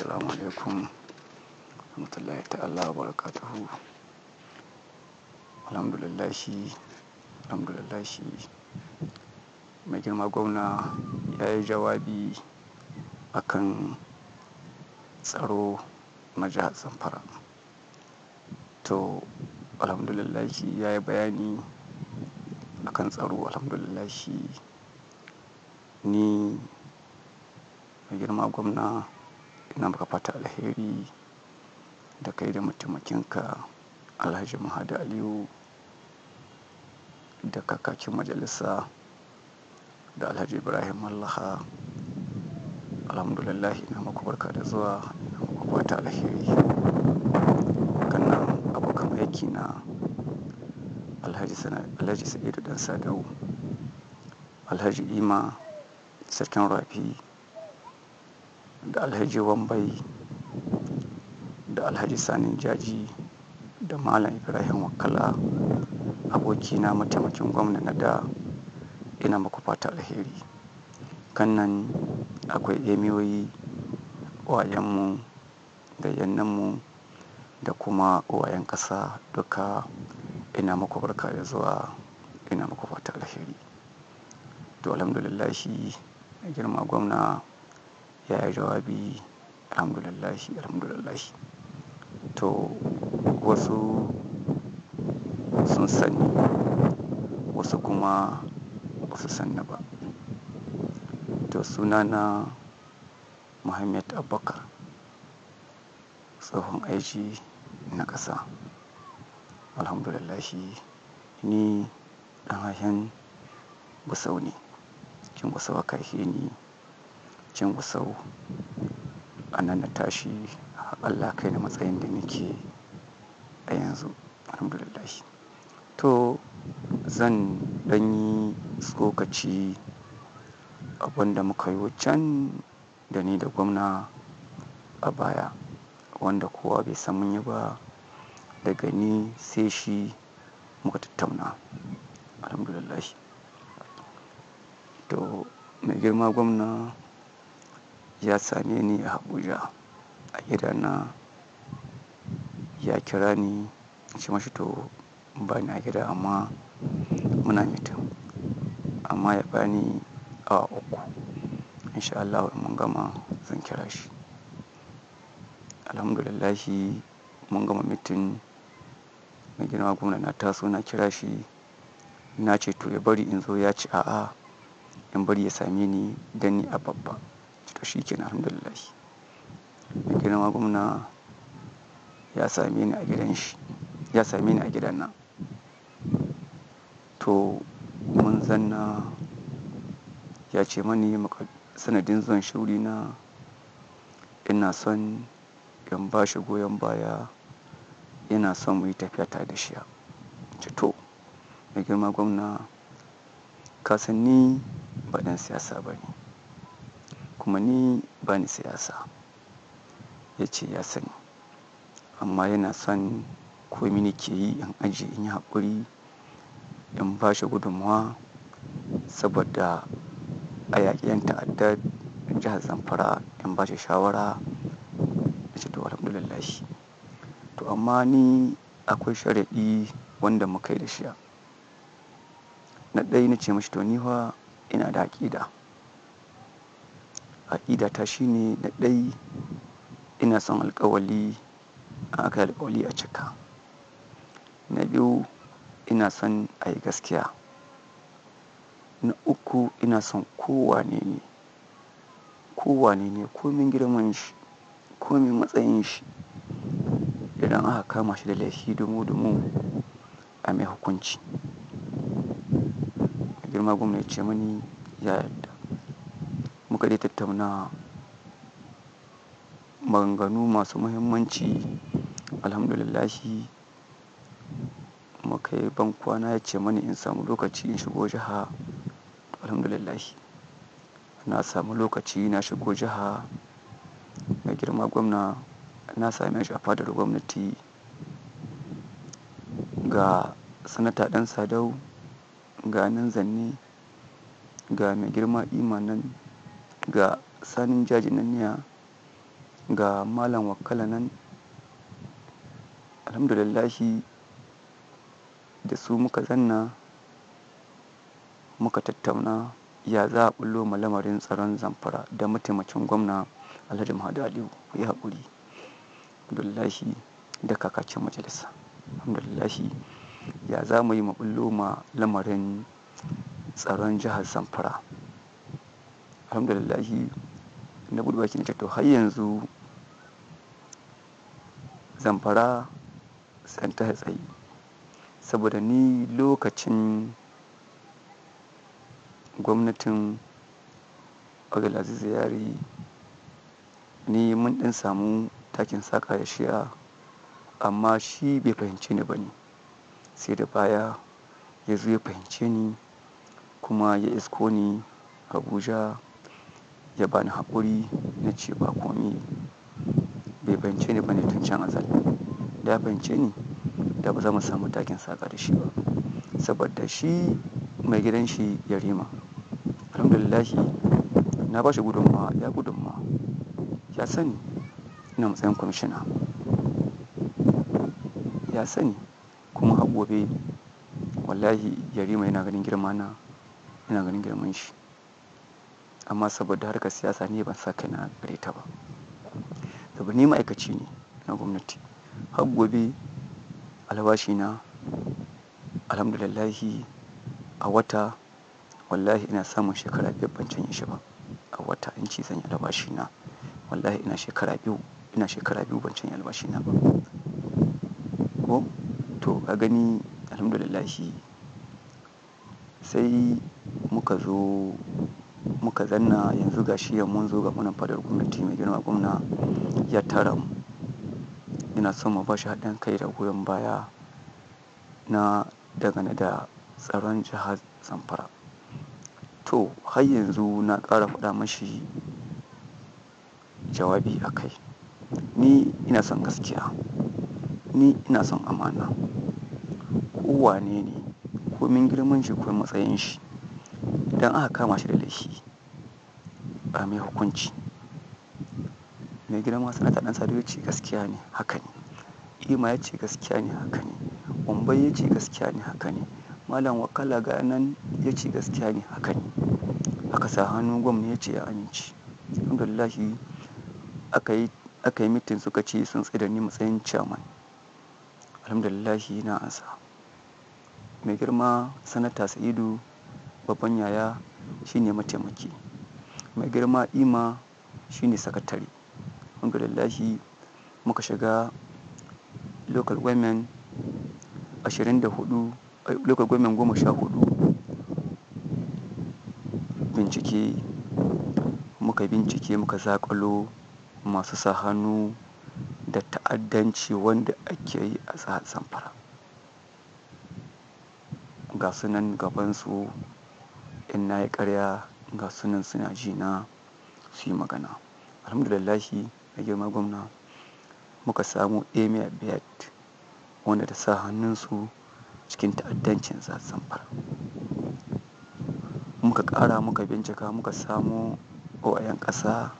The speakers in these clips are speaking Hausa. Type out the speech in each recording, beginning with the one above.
Assalamu alaikum warahmatullahi ta'ala wa barakatuhu. Alhamdulillahi, alhamdulillahi. Mai girma gwamna ya yi jawabi akan tsaro na jihar Zamfara. To, alhamdulillahi ya yi bayani akan tsaro alhamdulillahi. Ni mai girma gwamna ina maka fata alheri da kai da mataimakinka alhaji mahadi aliyu da kakakin majalisa da alhaji ibrahim mallaha alhamdulillah ina maka barka da zuwa ina maka fata alheri kannan abokan aiki na alhaji sa'idu dan sadau alhaji ima sarkin rafi da alhaji wambai da alhaji sanin jaji da malam ibrahim wakala abokina mataimakin gwamna na da ina muku fata alheri kan nan akwai emiyoyi wayanmu da yannanmu da kuma wayan ƙasa duka ina muku barka da zuwa ina muku fata alheri to alhamdulillahi girma gwamna ya yi jawabi alhamdulillahi alhamdulillahi to wasu sun sani wasu kuma wasu sanna ba to sunana muhammad abubakar tsohon aiki na ƙasa alhamdulillahi ni ɗan hashen busau ne kin busau ka ni cikin wasau a nan na tashi Allah kai na matsayin da nake a yanzu alhamdulillah to zan ɗanyi tsokaci abinda muka yi wajen da ni da gwamna a baya wanda kowa bai san mun yi ba daga ni sai shi muka tattauna alhamdulillah to mai girma gwamna ya same ni a Abuja a gidana ya kira ni shi mashi to ba ni a gida amma muna mitin amma ya bani awa uku insha Allah mun gama zan kira shi alhamdulillahi mun gama mitin mai girma gwamna na taso na kira shi na ce to ya bari in zo ya ci a'a in bari ya same ni don ni a babba to shi kenan alhamdulillah girma ya same ni a gidan shi ya same ni a gidan nan to mun zanna ya ce mani sanadin zan shuri na ina son in ba shi goyon baya yana son mu yi tafiya ta da shi ce to mai girma gwamna kasanni ba ɗan siyasa ba ne kuma ni ba ni siyasa ya ce ya sani amma yana son komi ne yi in aji in yi haƙuri in ba shi gudunmawa saboda a yaƙi 'yan ta'addar jihar zamfara in ba shi shawara da ce to alhamdulillah to amma ni akwai sharaɗi wanda muka yi da shi na ɗaya na ce mashi to ni ina da aƙida Aƙidata shine na ɗai ina son alƙawali a aka alƙawali a cika. Na biyu ina son a yi gaskiya. Na uku ina son kowane ne, kowane ne komin girman shi, komin matsayin shi idan aka kama shi da laifi dumu-dumu a mai hukunci. girma gwamna ya ce mani ya yarda. ƙoƙari tattauna maganganu masu muhimmanci alhamdulillahi muka yi bankwana ya ce mani in samu lokaci in shigo jiha alhamdulillahi na samu lokaci na shigo jiha mai girma gwamna na sami shi a fadar gwamnati ga sanata ɗan sadau ga nan zanne ga mai girma imanin. ga sanin jaji nan niya ga malam wakala nan alhamdulillahi da su muka zanna muka tattauna ya za a bullo ma lamarin tsaron zamfara da mataimakin gwamna alhaji mahadu aliyu ya haƙuri alhamdulillahi da kakacin majalisa alhamdulillahi ya za mu yi ma bullo ma lamarin tsaron jihar zamfara alhamdulillahi na buɗe baki na to har yanzu zamfara san ta tsaye saboda ni lokacin gwamnatin abdulaziz yari ni mun ɗin samu takin saka ya shiya amma shi bai fahimce ni ba ne sai da baya ya zo ya fahimce ni kuma ya isko ni abuja ya bani haƙuri na ce ba komi bai fahimce ni bane tun can azal. Da ya fahimce ni da ba za mu samu takin saƙa da shi ba. Saboda shi mai gidan shi ya rima Alhamdulillah na ba shi gudunmawa, ya gudunma, ya sani ina matsayin kwamishina. Ya sani kuma har gobe wallahi yarima yana ganin girmana, yana ganin girman shi. amma saboda harkar siyasa ne ban sa kaina gare ta ba saboda ni ma'aikaci ne na gwamnati har gobe albashi na alhamdulillahi a wata wallahi ina samun shekara biyar ban canye shi ba a wata in ci zanyi albashi na wallahi ina shekara biyu ina shekara biyu ban canye albashi na ba ko to ka gani alhamdulillahi sai muka zo muka zanna yanzu ga shi mun zo ga muna fadar gwamnati mai girma gwamna ya tara mu ina son mu bashi haɗin kai da goyon baya na dangane da tsaron jihar zamfara to har yanzu na ƙara faɗa mashi jawabi a kai ni ina son gaskiya ni ina son amana kowane ne komin girman shi ko matsayin shi idan aka kama shi da laifi ba mai hukunci mai gidan wasa na ɗan sadu ya ce gaskiya ne haka ne ima ya ce gaskiya ne haka ne umbai ya ce gaskiya ne haka ne malam wakala ga nan ya ce gaskiya ne haka ne aka sa hannu gwamna ya ce ya amince alhamdulillah aka yi mitin suka ce sun tsaye da ni matsayin chairman alhamdulillah na ansa mai girma sanata sa'idu babban yaya shine mataimaki mai girma ima shine sakatare alhamdulillahi muka shiga local women 24 eh, local goma bincike muka bincike muka zakalo masu sa hannu da ta'addanci wanda ake yi a jihar samfara. ga sunan gabansu in na yi karya ga sunan suna ji na su yi magana alhamdulillahi a girma gwamna muka samu emir beard wanda ta sa hannunsu cikin ta'addancin zamfara muka ƙara muka bincika muka samu wayan ƙasa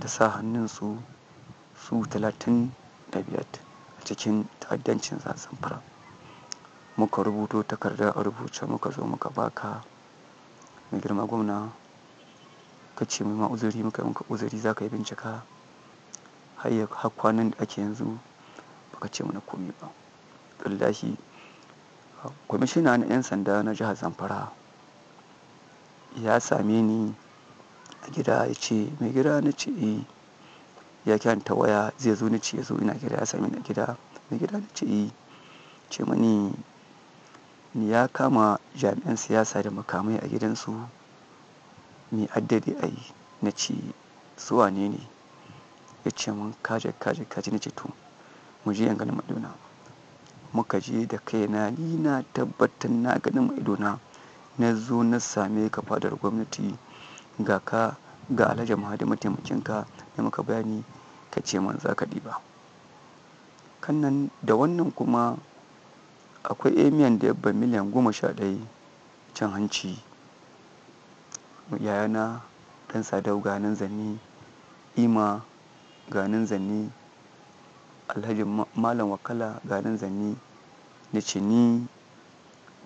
ta sa hannunsu su 35 a cikin ta'addancin zamfara muka rubuto takarda a rubuce muka zo muka baka mai girma gwamna ka ce mai ma uzuri muka uzuri za ka yi bincika har kwanan da ake yanzu baka ce mana komi ba billahi kwamishina na 'yan sanda na jihar zamfara ya same ni a gida ya ce mai gida na ce eh. ya kyan ta waya zai zo ni ce ya zo ina gida ya same ni a gida mai gida na ce eh ce mani ya kama jami'an siyasa da makamai a gidansu mai addadi a yi na ce zuwa ne ne ya ce mun kaje kaje kaje na ceto, mu je ganin maduna muka je da kaina ni na tabbatar na ganin maduna na zo na same ka fadar gwamnati ga ka ga alhaji mahadi ka da muka bayani ka ce man za ka ba. kannan da wannan kuma akwai emiyan eh, da yabba miliyan goma sha ɗaya can hanci yayana ɗan sadau ganin zanni ima ganin zanni alhaji malam wakala ganin zanni na ce ni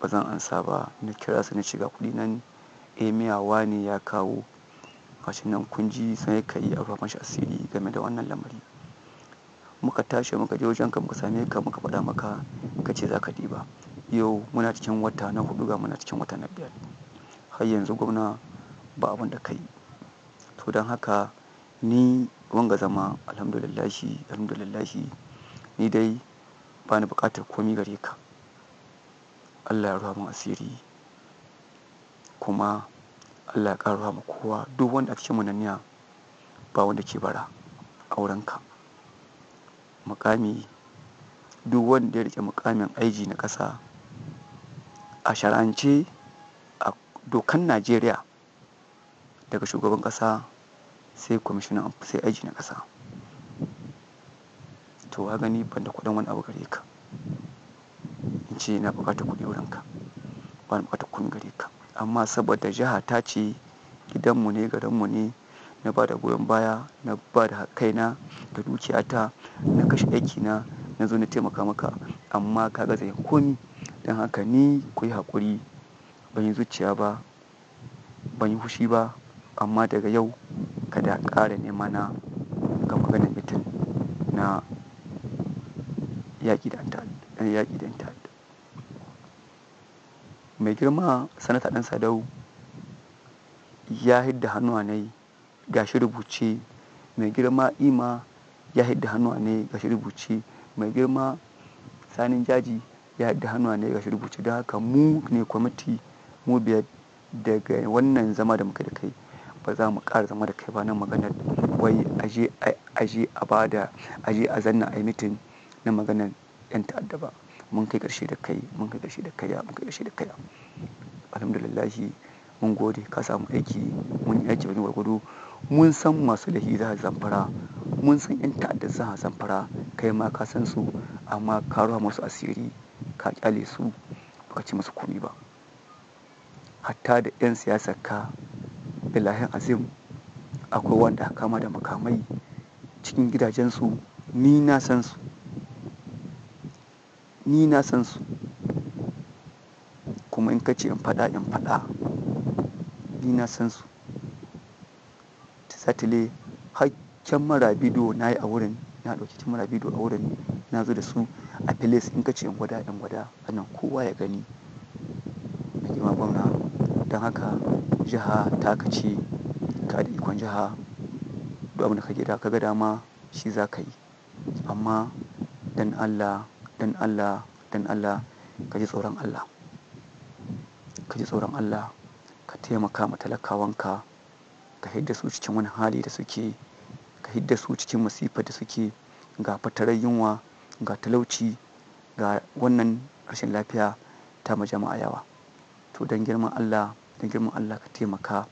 ba zan ansa ba na kira su na shiga kuɗi nan emiyawa eh, ne ya kawo gashi nan kun ji sai ka yi a asiri game da wannan lamari muka tashi muka je wajenka muka same ka muka faɗa maka ka ce za ka ɗiba yau muna cikin wata na hudu ga muna cikin wata na biyar har yanzu gwamna ba abin da ka yi to don haka ni wanga zama alhamdulillahi alhamdulillahi ni dai ba ni buƙatar komi gare ka allah ya ruwa asiri kuma allah ya ƙara ruwa kowa duk wanda a cikin munaniya ba wanda ke bara a wurinka muƙami duk wanda ya riƙe muƙamin IG na ƙasa a shar'ance a dokan Najeriya daga shugaban ƙasa sai kwamishinan sai IG na ƙasa to ka gani ban da kuɗin wani abu gare ka in ce na buƙatar kuɗi wurin ka ba na buƙatar kuɗin gare ka amma saboda jiha ta ce gidanmu ne garinmu ne na ba da goyon baya na ba da kaina da dukiyata na kashe aiki na na zo na taimaka maka amma ka gaza ya komi don haka ni ku yi haƙuri ban yi zuciya ba ban yi fushi ba amma daga yau ka da ƙara nema na ga magana mutum na yaƙi da yaƙi mai girma sanata ɗan sadau ya hidda hannuwa na yi gashi rubuce mai girma ima ya haɗa hannuwa ne gashi rubuce mai girma sanin jaji ya haɗa hannuwa ne gashi rubuce don haka mu ne kwamiti mu biyar daga wannan zama da muka da kai ba za mu ƙara zama da kai ba na maganar wai aje aje a bada aje a zanna a yi mitin na maganar yan ta'adda ba mun kai ƙarshe da kai mun kai ƙarshe da kaya mun kai ƙarshe da kaya Alhamdulillah, mun gode ka samu aiki mun yi aiki wani gwargwado mun san masu lahi za zamfara mun san 'yan ta'adda hasan fara kai ma ka san su amma ka ruwa masu asiri ka kyale su baka ci musu komi ba hatta da 'yan siyasar ka bilahin azim akwai wanda kama da makamai cikin gidajensu ni na san su ni na san su kuma in ka ce in fada in fada ni na san su ta satile har mara bido na yi a wurin na ɗauki mara bido a wurin na zo da su a filis in ka ce in gwada in gwada a nan kowa ya gani na girma gwamna don haka jiha ta kace ka da ikon jiha duk abin da ka gida ka ga dama shi za ka yi amma dan allah dan allah dan allah ka ji tsoron allah ka ji tsoron allah ka taimaka ma talakawanka ka da su cikin wani hali da suke ka hidda su cikin masifa da suke ga fatarar yunwa ga talauci ga wannan rashin lafiya ta majama'a yawa to don girman Allah don girman Allah ka taimaka